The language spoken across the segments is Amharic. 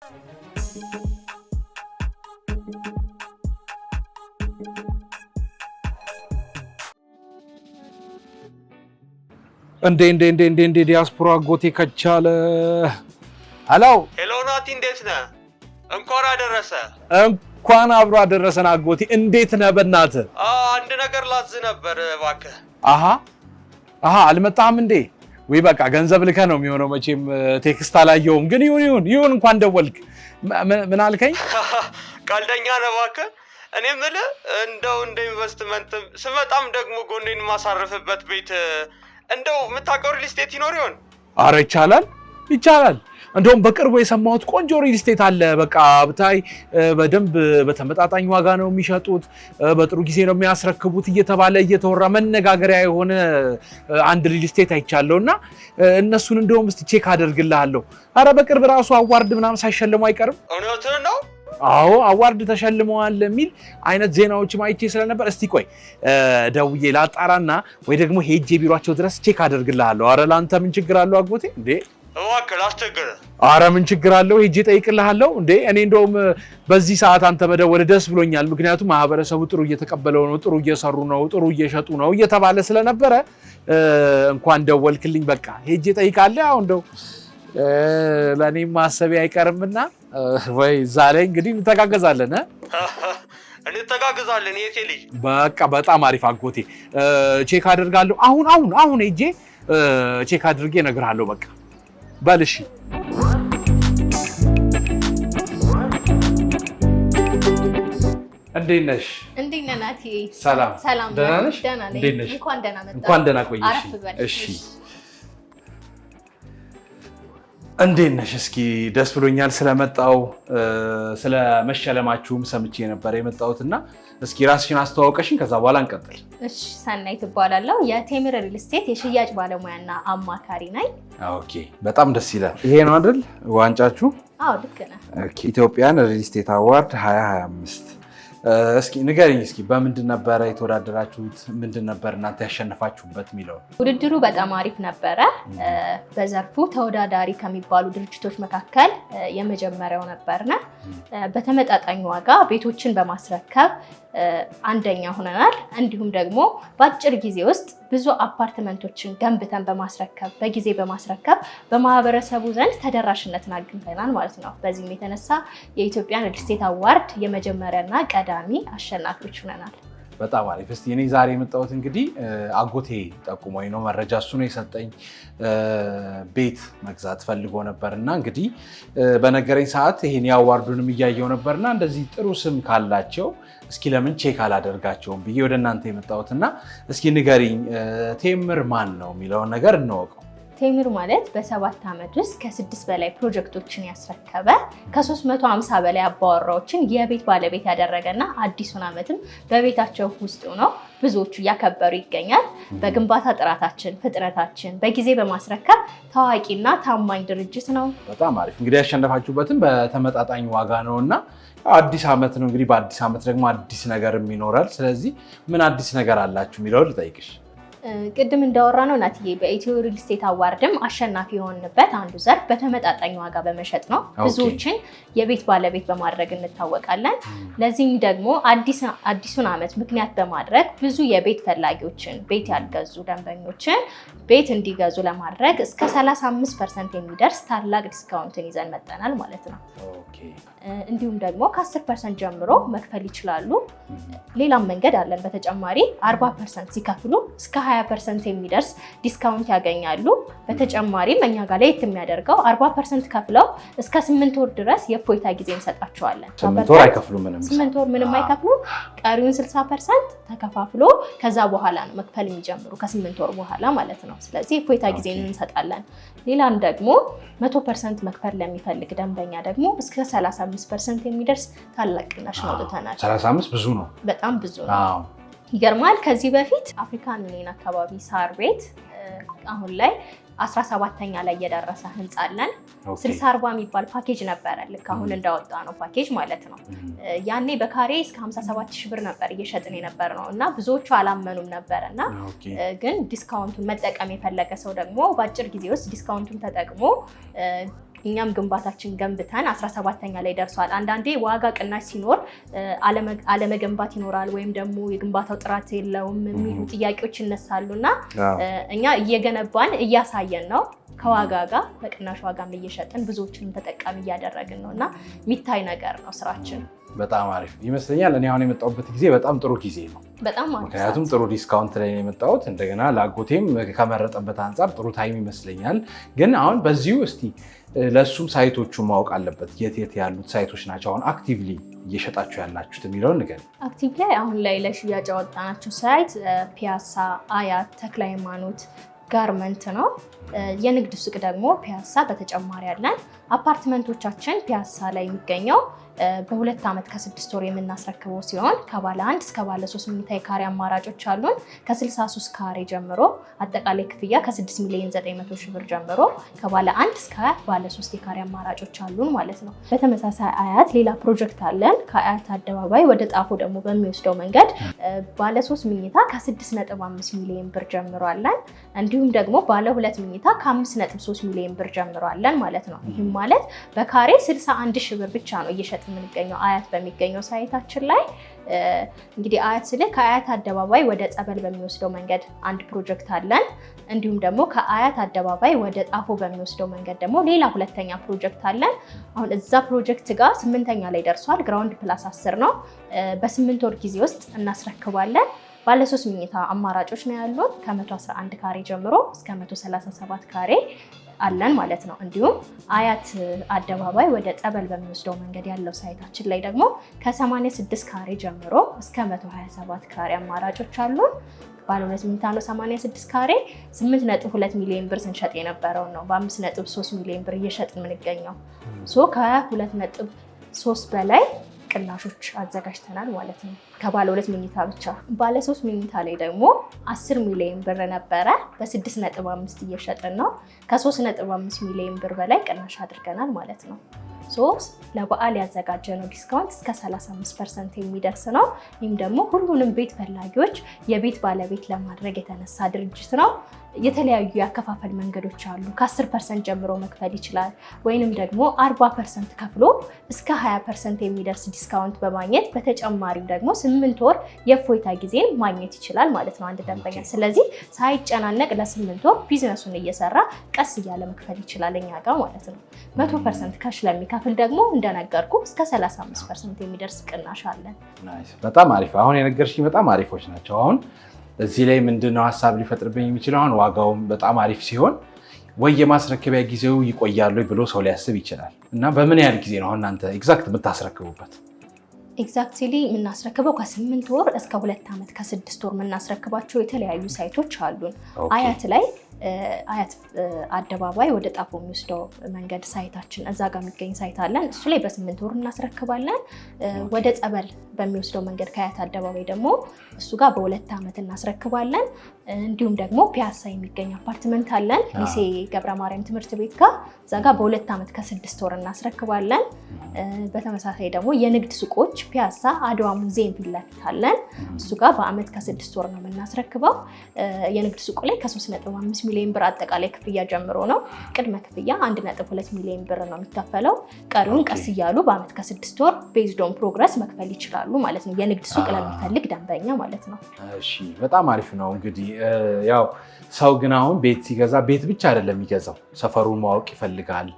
እንዴ እንዴ እንዴ እንዴ እንዴ ዲያስፖራ አጎቴ ከቻለ ሄሎ ሄሎ፣ ናቲ እንዴት ነህ? እንኳን አደረሰ እንኳን አብሮ አደረሰን አጎቴ። እንዴት ነህ? በእናትህ አንድ ነገር ላዝ ነበር እባክህ። አሀ አሀ፣ አልመጣህም እንዴ? ወይ በቃ ገንዘብ ልከ ነው የሚሆነው። መቼም ቴክስት አላየውም፣ ግን ይሁን ይሁን ይሁን። እንኳን ደወልክ። ምን አልከኝ? ቀልደኛ ነህ እባክህ። እኔ የምልህ እንደው እንደ ኢንቨስትመንት ስመጣም ደግሞ ጎኔን የማሳርፍበት ቤት እንደው የምታውቀው ሪል ስቴት ይኖር ይሆን? አረ ይቻላል፣ ይቻላል እንደውም በቅርቡ የሰማሁት ቆንጆ ሪል ስቴት አለ። በቃ ብታይ በደንብ በተመጣጣኝ ዋጋ ነው የሚሸጡት፣ በጥሩ ጊዜ ነው የሚያስረክቡት እየተባለ እየተወራ መነጋገሪያ የሆነ አንድ ሪል ስቴት አይቻለሁ እና እነሱን እንደውም እስኪ ቼክ አደርግልሃለሁ። አረ በቅርብ ራሱ አዋርድ ምናምን ሳይሸልሙ አይቀርም። እውነትን ነው። አዎ አዋርድ ተሸልመዋል የሚል አይነት ዜናዎች ማይቼ ስለነበር እስቲ ቆይ ደውዬ ላጣራና ወይ ደግሞ ሄጄ ቢሯቸው ድረስ ቼክ አደርግልሃለሁ። አረ ለአንተ ምን ችግር አለው አጎቴ እንዴ? እባክህ አረ ምን ችግር አለው? ሄጄ እጠይቅልሃለሁ። እንዴ እኔ እንደውም በዚህ ሰዓት አንተ መደወልህ ደስ ብሎኛል። ምክንያቱም ማህበረሰቡ ጥሩ እየተቀበለው ነው፣ ጥሩ እየሰሩ ነው፣ ጥሩ እየሸጡ ነው እየተባለ ስለነበረ እንኳን ደወልክልኝ። በቃ ሄጄ እጠይቃለሁ። አሁን እንደው ለእኔም ማሰቤ አይቀርምና ወይ እዛ ላይ እንግዲህ እንተጋገዛለን እንተጋግዛለን የቴ ልጅ በቃ በጣም አሪፍ አጎቴ። ቼክ አደርጋለሁ። አሁን አሁን አሁን ሄጄ ቼክ አድርጌ እነግርሃለሁ። በቃ ባልሺ እንዴት ነሽ? እንዴት ነህ ናቲ? ሰላም ሰላም። ደህና ነሽ? እንዴት ነሽ? እንኳን ደህና መጣሽ። እንኳን ደህና ቆየሽ። እሺ እንዴት ነሽ? እስኪ ደስ ብሎኛል ስለመጣው ስለመሸለማችሁም ሰምቼ ነበር የመጣሁት እና እስኪ ራስሽን አስተዋውቀሽን ከዛ በኋላ እንቀጥል። እሺ፣ ሰናይ ትባላለሁ። የቴምር ሪል ስቴት የሽያጭ ባለሙያና አማካሪ ነኝ። ኦኬ፣ በጣም ደስ ይላል። ይሄ ነው አይደል ዋንጫችሁ? አዎ፣ ልክ ነህ። ኢትዮጵያን ሪል ስቴት አዋርድ 2025 እስኪ ንገሪኝ እስኪ በምንድን ነበረ የተወዳደራችሁት? ምንድን ነበር እናንተ ያሸነፋችሁበት የሚለው? ውድድሩ በጣም አሪፍ ነበረ። በዘርፉ ተወዳዳሪ ከሚባሉ ድርጅቶች መካከል የመጀመሪያው ነበርና በተመጣጣኝ ዋጋ ቤቶችን በማስረከብ አንደኛ ሆነናል። እንዲሁም ደግሞ በአጭር ጊዜ ውስጥ ብዙ አፓርትመንቶችን ገንብተን በማስረከብ በጊዜ በማስረከብ በማህበረሰቡ ዘንድ ተደራሽነትን አግኝተናል ማለት ነው። በዚህም የተነሳ የኢትዮጵያን ሪል ስቴት አዋርድ የመጀመሪያና ቀዳሚ አሸናፊዎች ሆነናል። በጣም አሪፍ። እስኪ እኔ ዛሬ የመጣሁት እንግዲህ አጎቴ ጠቁሞኝ ነው መረጃ እሱ ነው የሰጠኝ። ቤት መግዛት ፈልጎ ነበር እና እንግዲህ በነገረኝ ሰዓት ይሄን የአዋርዱንም እያየው ነበር እና እንደዚህ ጥሩ ስም ካላቸው እስኪ ለምን ቼክ አላደርጋቸውም ብዬ ወደ እናንተ የመጣሁት እና እስኪ ንገሪኝ ቴምር ማን ነው የሚለውን ነገር እንወቀው። ቴምር ማለት በሰባት ዓመት ውስጥ ከስድስት በላይ ፕሮጀክቶችን ያስረከበ ከ350 በላይ አባወራዎችን የቤት ባለቤት ያደረገ ና አዲሱን ዓመትም በቤታቸው ውስጥ ሆነው ብዙዎቹ እያከበሩ ይገኛል። በግንባታ ጥራታችን፣ ፍጥነታችን በጊዜ በማስረከብ ታዋቂና ታማኝ ድርጅት ነው። በጣም አሪፍ እንግዲህ ያሸነፋችሁበትም በተመጣጣኝ ዋጋ ነው እና አዲስ ዓመት ነው እንግዲህ በአዲስ ዓመት ደግሞ አዲስ ነገርም ይኖራል። ስለዚህ ምን አዲስ ነገር አላችሁ የሚለው ልጠይቅሽ ቅድም እንዳወራ ነው ናትዬ በኢትዮ ሪል ስቴት አዋርድም አሸናፊ የሆንበት አንዱ ዘርፍ በተመጣጣኝ ዋጋ በመሸጥ ነው። ብዙዎችን የቤት ባለቤት በማድረግ እንታወቃለን። ለዚህም ደግሞ አዲሱን ዓመት ምክንያት በማድረግ ብዙ የቤት ፈላጊዎችን ቤት ያልገዙ ደንበኞችን ቤት እንዲገዙ ለማድረግ እስከ 35 ፐርሰንት የሚደርስ ታላቅ ዲስካውንትን ይዘን መጠናል ማለት ነው። እንዲሁም ደግሞ ከ10 ፐርሰንት ጀምሮ መክፈል ይችላሉ። ሌላም መንገድ አለን። በተጨማሪ 40 ፐርሰንት ሲከፍሉ እስከ 20 ፐርሰንት የሚደርስ ዲስካውንት ያገኛሉ። በተጨማሪም እኛ ጋር ላይ የሚያደርገው 40 ፐርሰንት ከፍለው እስከ 8 ወር ድረስ የእፎይታ ጊዜ እንሰጣቸዋለን። ስምንት ወር አይከፍሉም፣ ምንም ስምንት ወር ምንም አይከፍሉ? ቀሪውን ስልሳ ፐርሰንት ተከፋፍሎ ከዛ በኋላ ነው መክፈል የሚጀምሩ ከስምንት ወር በኋላ ማለት ነው። ስለዚህ የእፎይታ ጊዜ እንሰጣለን። ሌላም ደግሞ መቶ ፐርሰንት መክፈል ለሚፈልግ ደንበኛ ደግሞ እስከ 35 ፐርሰንት የሚደርስ ታላቅ ቅናሽ ነው አውጥተናል። 35 ብዙ ነው፣ በጣም ብዙ ነው። ይገርማል። ከዚህ በፊት አፍሪካን ዩኒየን አካባቢ ሳር ቤት አሁን ላይ 17 ሰባተኛ ላይ የደረሰ ህንፃ አለን። ስልሳ አርባ የሚባል ፓኬጅ ነበረ። ልክ አሁን እንዳወጣ ነው ፓኬጅ ማለት ነው። ያኔ በካሬ እስከ 57 ሺህ ብር ነበር እየሸጥን የነበር ነው እና ብዙዎቹ አላመኑም ነበር እና ግን ዲስካውንቱን መጠቀም የፈለገ ሰው ደግሞ በአጭር ጊዜ ውስጥ ዲስካውንቱን ተጠቅሞ እኛም ግንባታችን ገንብተን 17ኛ ላይ ደርሷል። አንዳንዴ ዋጋ ቅናሽ ሲኖር አለመገንባት ይኖራል፣ ወይም ደግሞ የግንባታው ጥራት የለውም የሚሉ ጥያቄዎች ይነሳሉ እና እኛ እየገነባን እያሳየን ነው ከዋጋ ጋር በቅናሽ ዋጋም እየሸጥን ብዙዎችንም ተጠቃሚ እያደረግን ነው እና የሚታይ ነገር ነው ስራችን። በጣም አሪፍ ይመስለኛል። እኔ አሁን የመጣሁበት ጊዜ በጣም ጥሩ ጊዜ ነው። በጣም ምክንያቱም ጥሩ ዲስካውንት ላይ ነው የመጣሁት። እንደገና ላጎቴም ከመረጠበት አንጻር ጥሩ ታይም ይመስለኛል። ግን አሁን በዚሁ እስቲ ለእሱም ሳይቶቹ ማወቅ አለበት። የት የት ያሉት ሳይቶች ናቸው አሁን አክቲቭሊ እየሸጣችሁ ያላችሁት የሚለውን ንገር። አክቲቭ ላይ አሁን ላይ ለሽያጭ ያወጣናቸው ሳይት ፒያሳ፣ አያት፣ ተክለ ሃይማኖት፣ ጋርመንት ነው። የንግድ ሱቅ ደግሞ ፒያሳ በተጨማሪ አለን። አፓርትመንቶቻችን ፒያሳ ላይ የሚገኘው በሁለት ዓመት ከስድስት ወር የምናስረክበው ሲሆን ከባለ አንድ እስከ ባለ ሶስት መኝታ የካሬ አማራጮች አሉን። ከ63 ካሬ ጀምሮ አጠቃላይ ክፍያ ከ6 ሚሊዮን 900 ሺህ ብር ጀምሮ ከባለ አንድ እስከ ባለ ሶስት የካሬ አማራጮች አሉን ማለት ነው። በተመሳሳይ አያት ሌላ ፕሮጀክት አለን። ከአያት አደባባይ ወደ ጣፎ ደግሞ በሚወስደው መንገድ ባለ ሶስት መኝታ ከ6.5 ሚሊዮን ብር ጀምሮ አለን። እንዲሁም ደግሞ ባለ ሁለት መኝታ ከ5.3 ሚሊዮን ብር ጀምሮ አለን ማለት ነው። ማለት በካሬ 61 ሺህ ብር ብቻ ነው እየሸጥ የምንገኘው አያት በሚገኘው ሳይታችን ላይ። እንግዲህ አያት ስል ከአያት አደባባይ ወደ ጸበል በሚወስደው መንገድ አንድ ፕሮጀክት አለን። እንዲሁም ደግሞ ከአያት አደባባይ ወደ ጣፎ በሚወስደው መንገድ ደግሞ ሌላ ሁለተኛ ፕሮጀክት አለን። አሁን እዛ ፕሮጀክት ጋር ስምንተኛ ላይ ደርሷል። ግራውንድ ፕላስ አስር ነው። በስምንት ወር ጊዜ ውስጥ እናስረክባለን። ባለሶስት መኝታ አማራጮች ነው ያሉት ከ111 ካሬ ጀምሮ እስከ 137 ካሬ አለን ማለት ነው። እንዲሁም አያት አደባባይ ወደ ጠበል በሚወስደው መንገድ ያለው ሳይታችን ላይ ደግሞ ከ86 ካሬ ጀምሮ እስከ 127 ካሬ አማራጮች አሉ። ባለ ሁለት መኝታ ነው 86 ካሬ 8.2 ሚሊዮን ብር ስንሸጥ የነበረውን ነው በ5.3 ሚሊዮን ብር እየሸጥ የምንገኘው ከ2.3 በላይ ቅናሾች አዘጋጅተናል ማለት ነው። ከባለ ሁለት መኝታ ብቻ። ባለ ሶስት መኝታ ላይ ደግሞ አስር ሚሊዮን ብር ነበረ ነጥብ አምስት እየሸጥን ነው ነጥብ አምስት ሚሊዮን ብር በላይ ቅናሽ አድርገናል ማለት ነው። ሶስት ለበዓል ያዘጋጀነው ዲስካውንት እስከ 35 ፐርሰንት የሚደርስ ነው። ይህም ደግሞ ሁሉንም ቤት ፈላጊዎች የቤት ባለቤት ለማድረግ የተነሳ ድርጅት ነው። የተለያዩ የአከፋፈል መንገዶች አሉ። ከ10 ፐርሰንት ጀምሮ መክፈል ይችላል። ወይንም ደግሞ 40 ፐርሰንት ከፍሎ እስከ 20 ፐርሰንት የሚደርስ ዲስካውንት በማግኘት በተጨማሪም ደግሞ ስምንት ወር የእፎይታ ጊዜን ማግኘት ይችላል ማለት ነው አንድ ደንበኛ። ስለዚህ ሳይጨናነቅ ለስምንት ወር ቢዝነሱን እየሰራ ቀስ እያለ መክፈል ይችላል እኛ ጋር ማለት ነው። 100 ፐርሰንት ለሚከፍል ደግሞ እንደነገርኩ እስከ 35 ፐርሰንት የሚደርስ ቅናሽ አለን። በጣም አሪፍ። አሁን የነገርሽኝ በጣም አሪፎች ናቸው አሁን እዚህ ላይ ምንድነው ሀሳብ ሊፈጥርብኝ የሚችለው? አሁን ዋጋውም በጣም አሪፍ ሲሆን ወይ የማስረከቢያ ጊዜው ይቆያሉ ብሎ ሰው ሊያስብ ይችላል። እና በምን ያህል ጊዜ ነው እናንተ ኤግዛክት የምታስረክቡበት? ኤግዛክትሊ የምናስረክበው ከስምንት ወር እስከ ሁለት ዓመት ከስድስት ወር የምናስረክባቸው የተለያዩ ሳይቶች አሉን። አያት ላይ አያት አደባባይ ወደ ጣፎ የሚወስደው መንገድ ሳይታችን እዛ ጋር የሚገኝ ሳይት አለን። እሱ ላይ በስምንት ወር እናስረክባለን። ወደ ጸበል በሚወስደው መንገድ ከአያት አደባባይ ደግሞ እሱ ጋር በሁለት ዓመት እናስረክባለን። እንዲሁም ደግሞ ፒያሳ የሚገኝ አፓርትመንት አለን ሊሴ ገብረ ማርያም ትምህርት ቤት ጋር እዛ ጋር በሁለት ዓመት ከስድስት ወር እናስረክባለን። በተመሳሳይ ደግሞ የንግድ ሱቆች ፒያሳ አድዋ ሙዚየም ፊት ለፊት አለን። እሱ ጋር በአመት ከስድስት ወር ነው የምናስረክበው። የንግድ ሱቁ ላይ ከ3.5 ሚሊዮን ብር አጠቃላይ ክፍያ ጀምሮ ነው። ቅድመ ክፍያ 1.2 ሚሊዮን ብር ነው የሚከፈለው። ቀሪውን ቀስ እያሉ በአመት ከስድስት ወር ቤዝዶን ፕሮግረስ መክፈል ይችላሉ ማለት ነው። የንግድ ሱቅ ለሚፈልግ ደንበኛ ማለት ነው። በጣም አሪፍ ነው እንግዲህ ያው ሰው ግን አሁን ቤት ሲገዛ ቤት ብቻ አይደለም የሚገዛው፣ ሰፈሩን ማወቅ ይፈልጋል።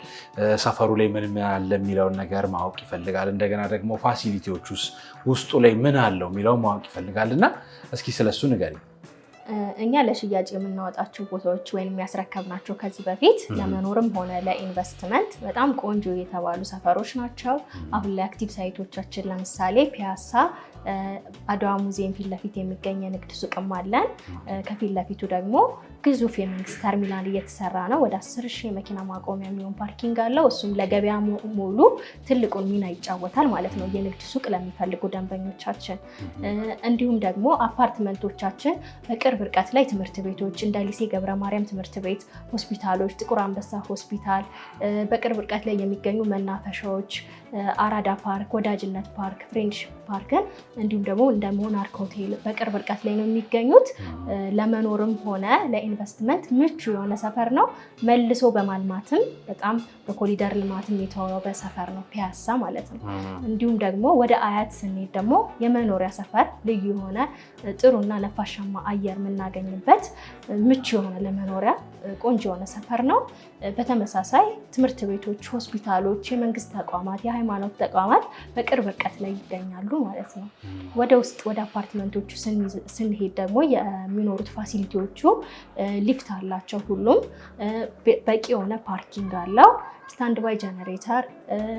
ሰፈሩ ላይ ምን ምን አለ የሚለውን ነገር ማወቅ ይፈልጋል። እንደገና ደግሞ ፋሲሊቲዎች ውስጥ ውስጡ ላይ ምን አለው የሚለው ማወቅ ይፈልጋል። እና እስኪ ስለሱ ንገሪኝ። እኛ ለሽያጭ የምናወጣቸው ቦታዎች ወይም ያስረከብናቸው ከዚህ በፊት ለመኖርም ሆነ ለኢንቨስትመንት በጣም ቆንጆ የተባሉ ሰፈሮች ናቸው። አሁን ላይ አክቲቭ ሳይቶቻችን ለምሳሌ ፒያሳ፣ አድዋ ሙዚየም ፊት ለፊት የሚገኝ የንግድ ሱቅም አለን። ከፊት ለፊቱ ደግሞ ግዙፍ የመንግስት ተርሚናል እየተሰራ ነው። ወደ አስር ሺህ የመኪና ማቆሚያ የሚሆን ፓርኪንግ አለው። እሱም ለገበያ ሙሉ ትልቁን ሚና ይጫወታል ማለት ነው የንግድ ሱቅ ለሚፈልጉ ደንበኞቻችን። እንዲሁም ደግሞ አፓርትመንቶቻችን በቅር በቅርብ ርቀት ላይ ትምህርት ቤቶች እንደ ሊሴ ገብረ ማርያም ትምህርት ቤት፣ ሆስፒታሎች፣ ጥቁር አንበሳ ሆስፒታል፣ በቅርብ ርቀት ላይ የሚገኙ መናፈሻዎች አራዳ ፓርክ፣ ወዳጅነት ፓርክ፣ ፍሬንድሽፕ ፓርክን እንዲሁም ደግሞ እንደ ሞናርክ ሆቴል በቅርብ ርቀት ላይ ነው የሚገኙት። ለመኖርም ሆነ ለኢንቨስትመንት ምቹ የሆነ ሰፈር ነው። መልሶ በማልማትም በጣም በኮሪደር ልማትም የተዋበ ሰፈር ነው ፒያሳ ማለት ነው። እንዲሁም ደግሞ ወደ አያት ስንሄድ ደግሞ የመኖሪያ ሰፈር ልዩ የሆነ ጥሩና ነፋሻማ አየር የምናገኝበት ምቹ የሆነ ለመኖሪያ ቆንጆ የሆነ ሰፈር ነው። በተመሳሳይ ትምህርት ቤቶች፣ ሆስፒታሎች፣ የመንግስት ተቋማት፣ የሃይማኖት ተቋማት በቅርብ ርቀት ላይ ይገኛሉ ማለት ነው። ወደ ውስጥ ወደ አፓርትመንቶቹ ስንሄድ ደግሞ የሚኖሩት ፋሲሊቲዎቹ ሊፍት አላቸው ሁሉም። በቂ የሆነ ፓርኪንግ አለው። ስታንድ ባይ ጀነሬተር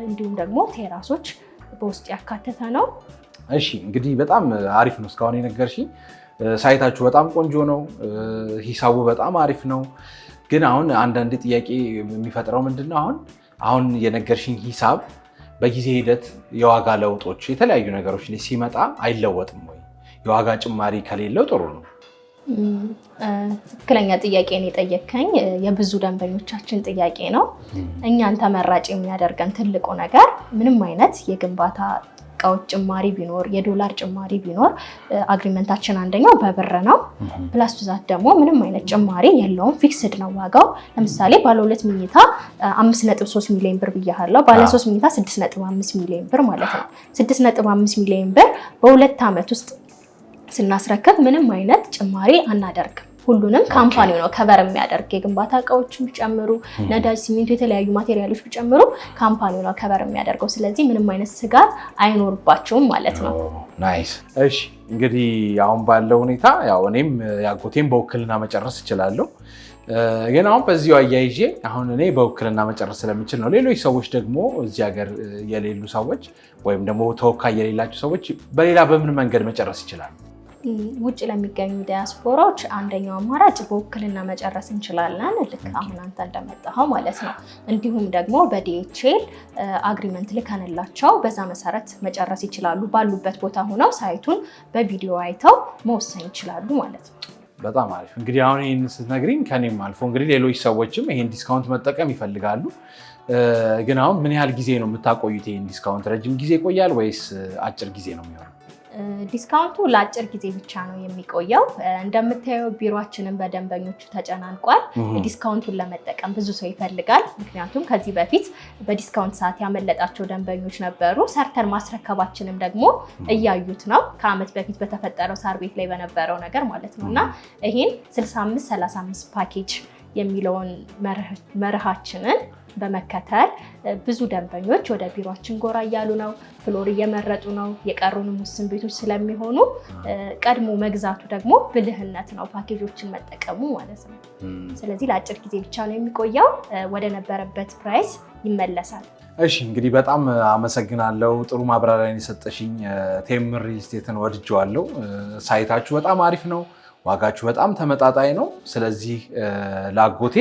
እንዲሁም ደግሞ ቴራሶች በውስጥ ያካተተ ነው። እሺ እንግዲህ በጣም አሪፍ ነው እስካሁን የነገርሽኝ ሳይታችሁ በጣም ቆንጆ ነው፣ ሂሳቡ በጣም አሪፍ ነው። ግን አሁን አንዳንድ ጥያቄ የሚፈጥረው ምንድን ነው አሁን አሁን የነገርሽኝ ሂሳብ በጊዜ ሂደት የዋጋ ለውጦች የተለያዩ ነገሮች ሲመጣ አይለወጥም ወይ? የዋጋ ጭማሪ ከሌለው ጥሩ ነው። ትክክለኛ ጥያቄን የጠየከኝ የብዙ ደንበኞቻችን ጥያቄ ነው። እኛን ተመራጭ የሚያደርገን ትልቁ ነገር ምንም አይነት የግንባታ እቃዎች ጭማሪ ቢኖር የዶላር ጭማሪ ቢኖር አግሪመንታችን አንደኛው በብር ነው። ፕላስ ብዛት ደግሞ ምንም አይነት ጭማሪ የለውም፣ ፊክስድ ነው ዋጋው። ለምሳሌ ባለ ሁለት መኝታ አምስት ነጥብ ሶስት ሚሊዮን ብር ብያለው፣ ባለ ሶስት መኝታ ስድስት ነጥብ አምስት ሚሊዮን ብር ማለት ነው። ስድስት ነጥብ አምስት ሚሊዮን ብር በሁለት ዓመት ውስጥ ስናስረክብ ምንም አይነት ጭማሪ አናደርግም። ሁሉንም ካምፓኒው ነው ከበር የሚያደርግ የግንባታ እቃዎችን ቢጨምሩ ነዳጅ፣ ሲሚንቶ፣ የተለያዩ ማቴሪያሎች ቢጨምሩ ካምፓኒው ነው ከበር የሚያደርገው። ስለዚህ ምንም አይነት ስጋት አይኖርባቸውም ማለት ነው። ናይስ። እሺ እንግዲህ አሁን ባለው ሁኔታ ያው እኔም ያጎቴም በውክልና መጨረስ እችላለሁ። ግን አሁን በዚሁ አያይዤ አሁን እኔ በውክልና መጨረስ ስለምችል ነው። ሌሎች ሰዎች ደግሞ እዚህ ሀገር የሌሉ ሰዎች ወይም ደግሞ ተወካይ የሌላቸው ሰዎች በሌላ በምን መንገድ መጨረስ ይችላል? ውጭ ለሚገኙ ዲያስፖራዎች አንደኛው አማራጭ በውክልና መጨረስ እንችላለን። ልክ አሁን አንተ እንደመጣኸው ማለት ነው። እንዲሁም ደግሞ በዲኤችኤል አግሪመንት ልከንላቸው በዛ መሰረት መጨረስ ይችላሉ። ባሉበት ቦታ ሆነው ሳይቱን በቪዲዮ አይተው መወሰን ይችላሉ ማለት ነው። በጣም አሪፍ። እንግዲህ አሁን ይህን ስትነግሪኝ ከኔም አልፎ እንግዲህ ሌሎች ሰዎችም ይህን ዲስካውንት መጠቀም ይፈልጋሉ። ግን አሁን ምን ያህል ጊዜ ነው የምታቆዩት? ይህን ዲስካውንት ረጅም ጊዜ ይቆያል ወይስ አጭር ጊዜ ነው የሚሆነው? ዲስካውንቱ ለአጭር ጊዜ ብቻ ነው የሚቆየው። እንደምታየው ቢሮችንን በደንበኞቹ ተጨናንቋል። ዲስካውንቱን ለመጠቀም ብዙ ሰው ይፈልጋል። ምክንያቱም ከዚህ በፊት በዲስካውንት ሰዓት ያመለጣቸው ደንበኞች ነበሩ። ሰርተን ማስረከባችንም ደግሞ እያዩት ነው፣ ከዓመት በፊት በተፈጠረው ሳር ቤት ላይ በነበረው ነገር ማለት ነው እና ይህን 6535 ፓኬጅ የሚለውን መርሃችንን በመከተል ብዙ ደንበኞች ወደ ቢሮችን ጎራ እያሉ ነው፣ ፍሎር እየመረጡ ነው። የቀሩንም ውስን ቤቶች ስለሚሆኑ ቀድሞ መግዛቱ ደግሞ ብልህነት ነው፣ ፓኬጆችን መጠቀሙ ማለት ነው። ስለዚህ ለአጭር ጊዜ ብቻ ነው የሚቆየው፣ ወደ ነበረበት ፕራይስ ይመለሳል። እሺ እንግዲህ በጣም አመሰግናለሁ። ጥሩ ማብራሪያን የሰጠሽኝ። ቴምር ሪል ወድጀዋለሁ። ሳይታችሁ በጣም አሪፍ ነው። ዋጋችሁ በጣም ተመጣጣኝ ነው። ስለዚህ ላጎቴ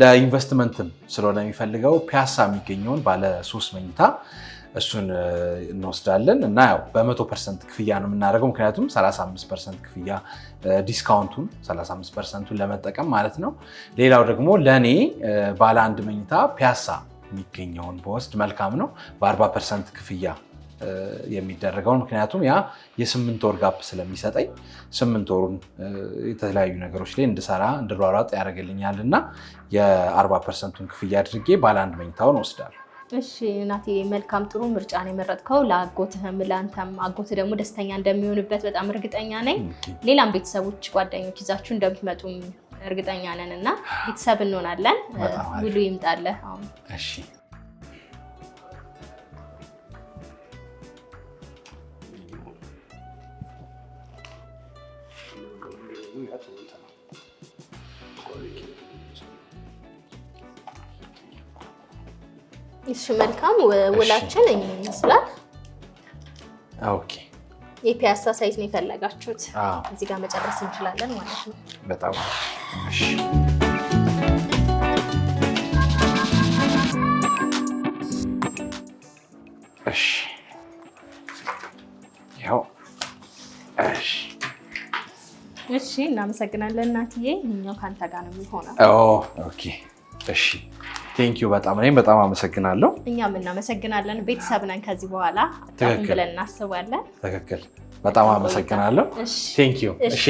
ለኢንቨስትመንትም ስለሆነ የሚፈልገው ፒያሳ የሚገኘውን ባለ ሶስት መኝታ እሱን እንወስዳለን እና ያው በመቶ ፐርሰንት ክፍያ ነው የምናደርገው። ምክንያቱም 35 ፐርሰንት ክፍያ ዲስካውንቱን 35 ፐርሰንቱን ለመጠቀም ማለት ነው። ሌላው ደግሞ ለእኔ ባለ አንድ መኝታ ፒያሳ የሚገኘውን በወስድ መልካም ነው በ40 ፐርሰንት ክፍያ የሚደረገው ምክንያቱም ያ የስምንት ወር ጋፕ ስለሚሰጠኝ ስምንት ወሩን የተለያዩ ነገሮች ላይ እንድሰራ እንድሯሯጥ ያደርግልኛል እና የአርባ ፐርሰንቱን ክፍያ አድርጌ ባለ አንድ መኝታውን ወስዳል። እሺ እናቴ፣ መልካም ጥሩ ምርጫ ነው የመረጥከው። ለአጎትህም ለአንተም አጎት ደግሞ ደስተኛ እንደሚሆንበት በጣም እርግጠኛ ነኝ። ሌላም ቤተሰቦች፣ ጓደኞች ይዛችሁ እንደምትመጡም እርግጠኛ ነን እና ቤተሰብ እንሆናለን። ሙሉ ይምጣለህ አሁን Eftersom jag tror እሺ መልካም ውላችን ይመስላል። ኦኬ የፒያሳ ሳይት ነው የፈለጋችሁት፣ እዚህ ጋር መጨረስ እንችላለን ማለት ነው። በጣም እሺ እሺ ያው እሺ፣ እናመሰግናለን እናትዬ። ይኸኛው ከአንተ ጋር ነው የሚሆነው። እሺ። ቴንኪዩ በጣም እኔም በጣም አመሰግናለሁ። እኛም እናመሰግናለን። ቤተሰብ ነን ከዚህ በኋላ ብለን እናስባለን። ትክክል። በጣም አመሰግናለሁ። ቴንኪዩ። እሺ